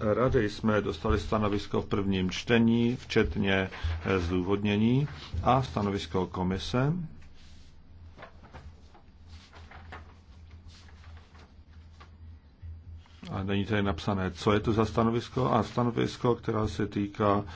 rady jsme dostali stanovisko v prvním čtení, včetně eh, zdůvodnění a stanovisko komise. A není tady napsané, co je to za stanovisko, a stanovisko, která se týká